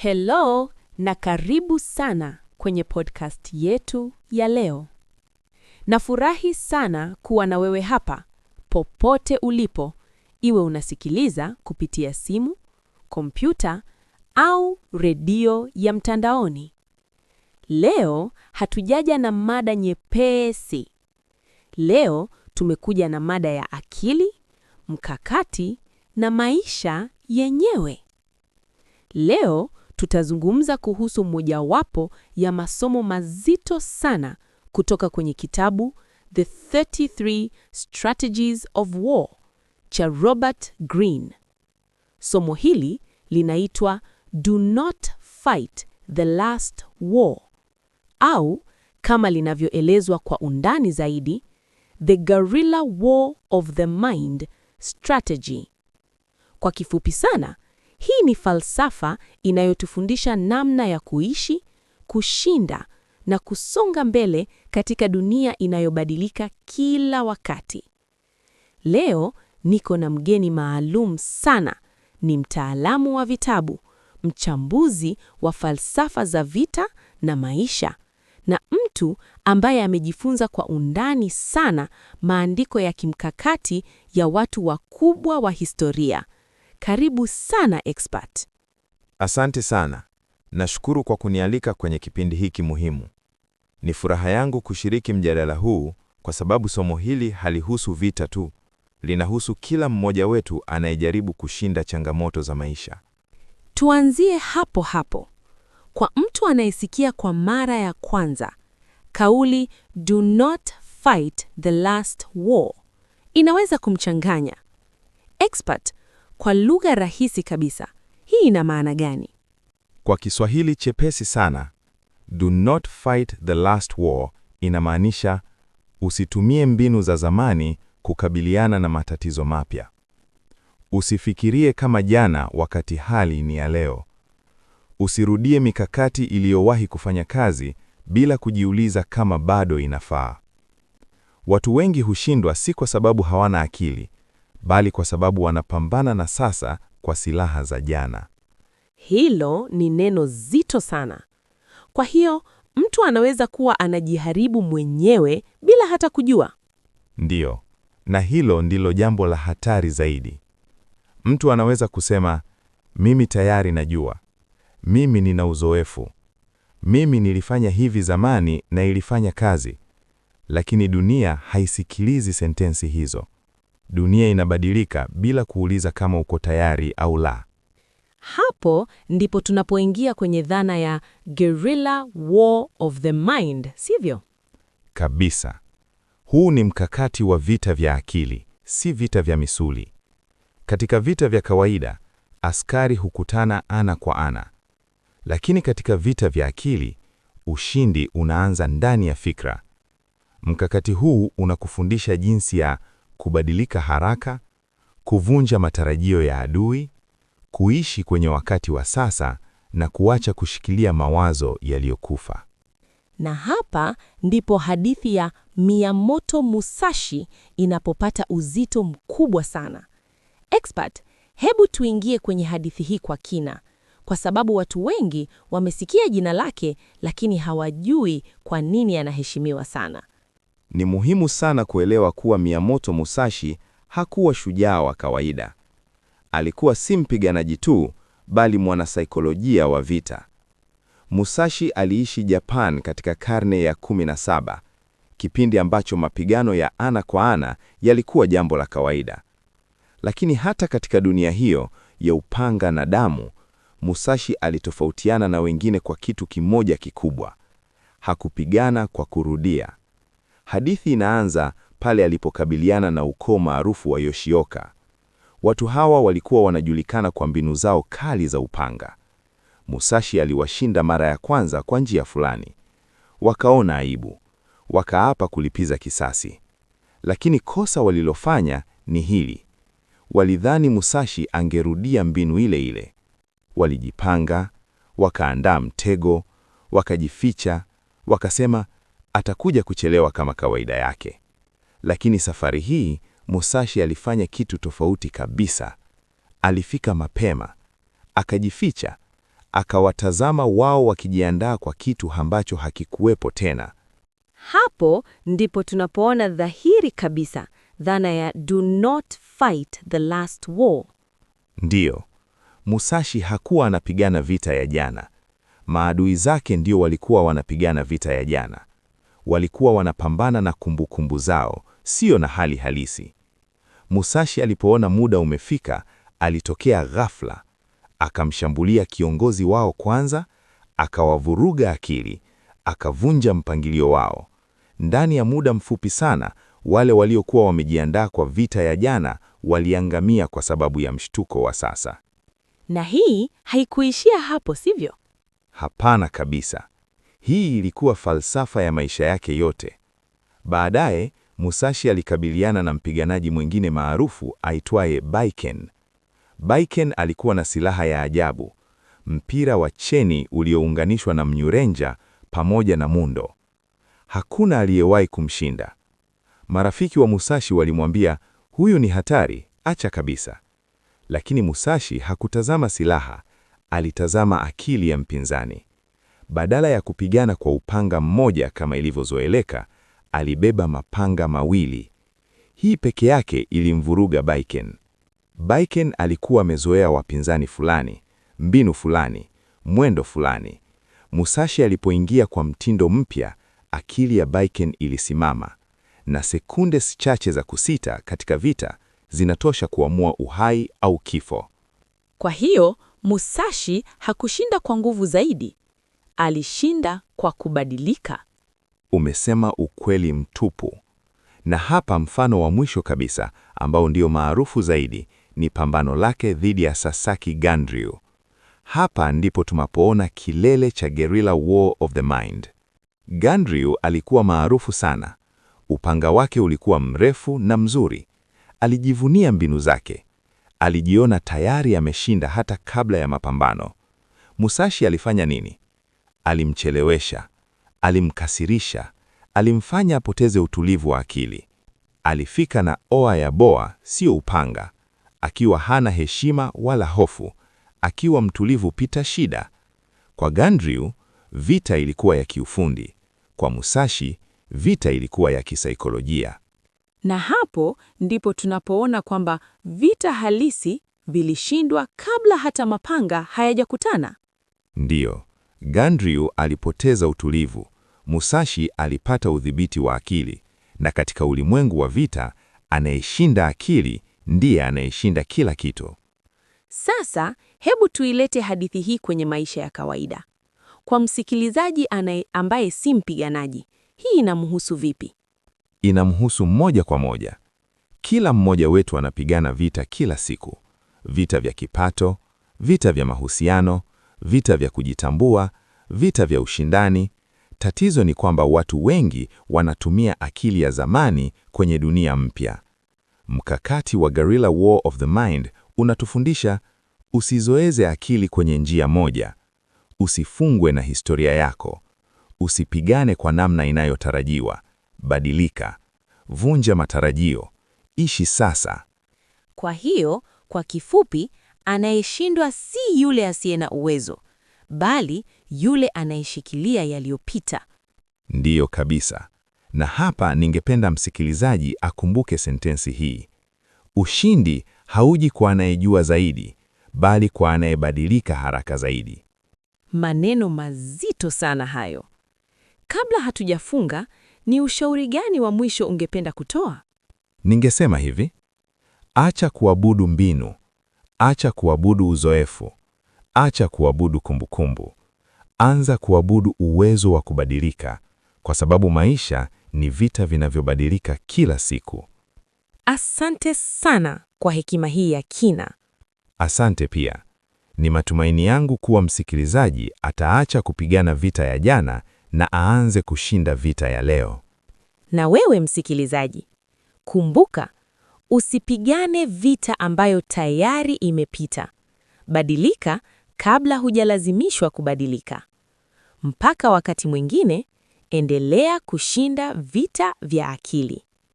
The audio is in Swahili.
Hello na karibu sana kwenye podcast yetu ya leo. Nafurahi sana kuwa na wewe hapa popote ulipo, iwe unasikiliza kupitia simu, kompyuta au redio ya mtandaoni. Leo hatujaja na mada nyepesi. Leo tumekuja na mada ya akili, mkakati na maisha yenyewe. Leo tutazungumza kuhusu mojawapo ya masomo mazito sana kutoka kwenye kitabu The 33 Strategies of War cha Robert Greene. Somo hili linaitwa Do Not Fight the Last War au kama linavyoelezwa kwa undani zaidi, The Guerrilla War of the Mind Strategy. Kwa kifupi sana hii ni falsafa inayotufundisha namna ya kuishi, kushinda na kusonga mbele katika dunia inayobadilika kila wakati. Leo niko na mgeni maalum sana. Ni mtaalamu wa vitabu, mchambuzi wa falsafa za vita na maisha, na mtu ambaye amejifunza kwa undani sana maandiko ya kimkakati ya watu wakubwa wa historia. Karibu sana expert. Asante sana. Nashukuru kwa kunialika kwenye kipindi hiki muhimu. Ni furaha yangu kushiriki mjadala huu kwa sababu somo hili halihusu vita tu, linahusu kila mmoja wetu anayejaribu kushinda changamoto za maisha. Tuanzie hapo hapo. Kwa mtu anayesikia kwa mara ya kwanza, kauli do not fight the last war inaweza kumchanganya. Expert, kwa lugha rahisi kabisa. Hii ina maana gani? Kwa Kiswahili chepesi sana, do not fight the last war inamaanisha usitumie mbinu za zamani kukabiliana na matatizo mapya. Usifikirie kama jana wakati hali ni ya leo. Usirudie mikakati iliyowahi kufanya kazi bila kujiuliza kama bado inafaa. Watu wengi hushindwa si kwa sababu hawana akili, bali kwa sababu wanapambana na sasa kwa silaha za jana. Hilo ni neno zito sana. Kwa hiyo mtu anaweza kuwa anajiharibu mwenyewe bila hata kujua. Ndiyo, na hilo ndilo jambo la hatari zaidi. Mtu anaweza kusema mimi tayari najua, mimi nina uzoefu, mimi nilifanya hivi zamani na ilifanya kazi, lakini dunia haisikilizi sentensi hizo. Dunia inabadilika bila kuuliza kama uko tayari au la. Hapo ndipo tunapoingia kwenye dhana ya guerrilla war of the mind, sivyo? Kabisa. Huu ni mkakati wa vita vya akili, si vita vya misuli. Katika vita vya kawaida, askari hukutana ana kwa ana. Lakini katika vita vya akili, ushindi unaanza ndani ya fikra. Mkakati huu unakufundisha jinsi ya kubadilika haraka, kuvunja matarajio ya adui, kuishi kwenye wakati wa sasa na kuacha kushikilia mawazo yaliyokufa. Na hapa ndipo hadithi ya Miyamoto Musashi inapopata uzito mkubwa sana. Expert, hebu tuingie kwenye hadithi hii kwa kina, kwa sababu watu wengi wamesikia jina lake, lakini hawajui kwa nini anaheshimiwa sana. Ni muhimu sana kuelewa kuwa Miyamoto Musashi hakuwa shujaa wa kawaida. Alikuwa si mpiganaji tu, bali mwanasaikolojia wa vita. Musashi aliishi Japan katika karne ya 17, kipindi ambacho mapigano ya ana kwa ana yalikuwa jambo la kawaida. Lakini hata katika dunia hiyo ya upanga na damu, Musashi alitofautiana na wengine kwa kitu kimoja kikubwa. Hakupigana kwa kurudia. Hadithi inaanza pale alipokabiliana na ukoo maarufu wa Yoshioka. Watu hawa walikuwa wanajulikana kwa mbinu zao kali za upanga. Musashi aliwashinda mara ya kwanza kwa njia fulani. Wakaona aibu, wakaapa kulipiza kisasi. Lakini kosa walilofanya ni hili. Walidhani Musashi angerudia mbinu ile ile. Walijipanga, wakaandaa mtego, wakajificha, wakasema Atakuja kuchelewa kama kawaida yake. Lakini safari hii Musashi alifanya kitu tofauti kabisa. Alifika mapema, akajificha, akawatazama wao wakijiandaa kwa kitu ambacho hakikuwepo tena. Hapo ndipo tunapoona dhahiri kabisa dhana ya do not fight the last war. Ndiyo, Musashi hakuwa anapigana vita ya jana. Maadui zake ndio walikuwa wanapigana vita ya jana walikuwa wanapambana na kumbukumbu -kumbu zao, sio na hali halisi. Musashi alipoona muda umefika, alitokea ghafla, akamshambulia kiongozi wao kwanza, akawavuruga akili, akavunja mpangilio wao. Ndani ya muda mfupi sana, wale waliokuwa wamejiandaa kwa vita ya jana waliangamia kwa sababu ya mshtuko wa sasa. Na hii haikuishia hapo, sivyo? Hapana kabisa. Hii ilikuwa falsafa ya maisha yake yote. Baadaye, Musashi alikabiliana na mpiganaji mwingine maarufu aitwaye Baiken. Baiken alikuwa na silaha ya ajabu, mpira wa cheni uliounganishwa na mnyurenja pamoja na mundo. Hakuna aliyewahi kumshinda. Marafiki wa Musashi walimwambia, "Huyu ni hatari, acha kabisa." Lakini Musashi hakutazama silaha, alitazama akili ya mpinzani. Badala ya kupigana kwa upanga mmoja kama ilivyozoeleka, alibeba mapanga mawili. Hii peke yake ilimvuruga Baiken. Baiken alikuwa amezoea wapinzani fulani, mbinu fulani, mwendo fulani. Musashi alipoingia kwa mtindo mpya, akili ya Baiken ilisimama, na sekunde chache za kusita katika vita zinatosha kuamua uhai au kifo. Kwa hiyo Musashi hakushinda kwa nguvu zaidi, alishinda kwa kubadilika. Umesema ukweli mtupu. Na hapa mfano wa mwisho kabisa ambao ndio maarufu zaidi ni pambano lake dhidi ya Sasaki Ganryu. Hapa ndipo tunapoona kilele cha guerrilla war of the mind. Ganryu alikuwa maarufu sana. Upanga wake ulikuwa mrefu na mzuri. Alijivunia mbinu zake. Alijiona tayari ameshinda hata kabla ya mapambano. Musashi alifanya nini? Alimchelewesha, alimkasirisha, alimfanya apoteze utulivu wa akili. Alifika na oa ya boa, sio upanga, akiwa hana heshima wala hofu, akiwa mtulivu pita shida. Kwa gandrew vita ilikuwa ya kiufundi, kwa Musashi vita ilikuwa ya kisaikolojia. Na hapo ndipo tunapoona kwamba vita halisi vilishindwa kabla hata mapanga hayajakutana. Ndiyo, Gandryu alipoteza utulivu, Musashi alipata udhibiti wa akili, na katika ulimwengu wa vita, anayeshinda akili ndiye anayeshinda kila kitu. Sasa hebu tuilete hadithi hii kwenye maisha ya kawaida kwa msikilizaji anaye, ambaye si mpiganaji. Hii inamhusu vipi? Inamhusu moja kwa moja. Kila mmoja wetu anapigana vita kila siku, vita vya kipato, vita vya mahusiano, vita vya kujitambua, vita vya ushindani. Tatizo ni kwamba watu wengi wanatumia akili ya zamani kwenye dunia mpya. Mkakati wa Guerrilla War of the Mind unatufundisha usizoeze akili kwenye njia moja, usifungwe na historia yako, usipigane kwa namna inayotarajiwa. Badilika, vunja matarajio, ishi sasa. Kwa hiyo, kwa kifupi, Anayeshindwa si yule asiye na uwezo, bali yule anayeshikilia yaliyopita. Ndiyo kabisa. Na hapa ningependa msikilizaji akumbuke sentensi hii. Ushindi hauji kwa anayejua zaidi, bali kwa anayebadilika haraka zaidi. Maneno mazito sana hayo. Kabla hatujafunga, ni ushauri gani wa mwisho ungependa kutoa? Ningesema hivi: acha kuabudu mbinu, Acha kuabudu uzoefu, acha kuabudu kumbukumbu, anza kuabudu uwezo wa kubadilika, kwa sababu maisha ni vita vinavyobadilika kila siku. Asante sana kwa hekima hii ya kina. Asante pia. Ni matumaini yangu kuwa msikilizaji ataacha kupigana vita ya jana na aanze kushinda vita ya leo. Na wewe msikilizaji, kumbuka Usipigane vita ambayo tayari imepita. Badilika kabla hujalazimishwa kubadilika. Mpaka wakati mwingine, endelea kushinda vita vya akili.